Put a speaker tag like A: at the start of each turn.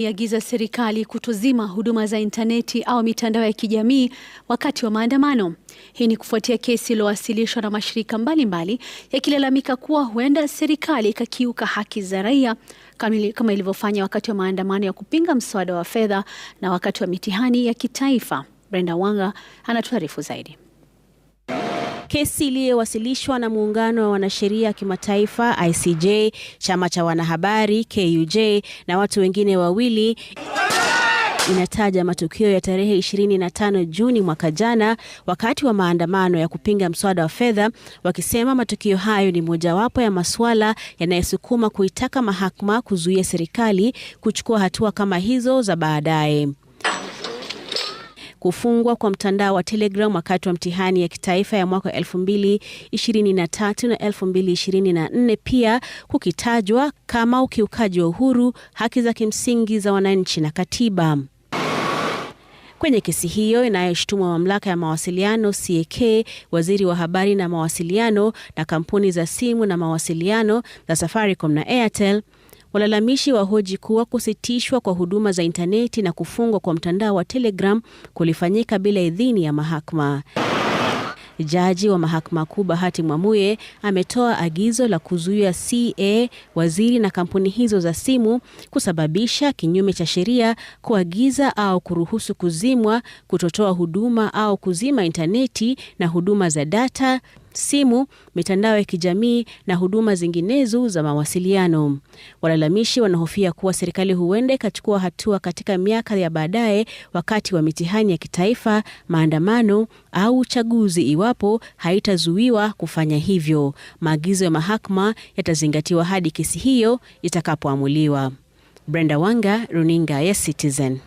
A: Iagiza serikali kutozima huduma za intaneti au mitandao ya kijamii wakati wa maandamano. Hii ni kufuatia kesi iliyowasilishwa na mashirika mbalimbali yakilalamika kuwa huenda serikali ikakiuka haki za raia kama ilivyofanya wakati wa maandamano ya kupinga mswada wa fedha na wakati wa mitihani ya kitaifa. Brenda Wanga anatuarifu zaidi.
B: Kesi iliyowasilishwa na muungano wa wanasheria kimataifa ICJ, chama cha wanahabari KUJ na watu wengine wawili inataja matukio ya tarehe 25 Juni mwaka jana wakati wa maandamano ya kupinga mswada wa fedha, wakisema matukio hayo ni mojawapo ya masuala yanayosukuma kuitaka mahakama kuzuia serikali kuchukua hatua kama hizo za baadaye. Kufungwa kwa mtandao wa Telegram wakati wa mtihani ya kitaifa ya mwaka 2023 na 2024 pia kukitajwa kama ukiukaji wa uhuru, haki za kimsingi za wananchi na katiba. Kwenye kesi hiyo inayoshtumwa mamlaka ya mawasiliano CAK, waziri wa habari na mawasiliano na kampuni za simu na mawasiliano za Safaricom na Airtel Walalamishi wahoji kuwa kusitishwa kwa huduma za intaneti na kufungwa kwa mtandao wa Telegram kulifanyika bila idhini ya mahakama. Jaji wa Mahakama Kuu Bahati Mwamuye ametoa agizo la kuzuia CA, waziri na kampuni hizo za simu kusababisha kinyume cha sheria, kuagiza au kuruhusu kuzimwa, kutotoa huduma au kuzima intaneti na huduma za data simu, mitandao ya kijamii na huduma zinginezo za mawasiliano. Walalamishi wanahofia kuwa serikali huenda ikachukua hatua katika miaka ya baadaye wakati wa mitihani ya kitaifa, maandamano au uchaguzi iwapo haitazuiwa kufanya hivyo. Maagizo ya mahakama yatazingatiwa hadi kesi hiyo itakapoamuliwa. Brenda Wanga, Runinga ya Citizen.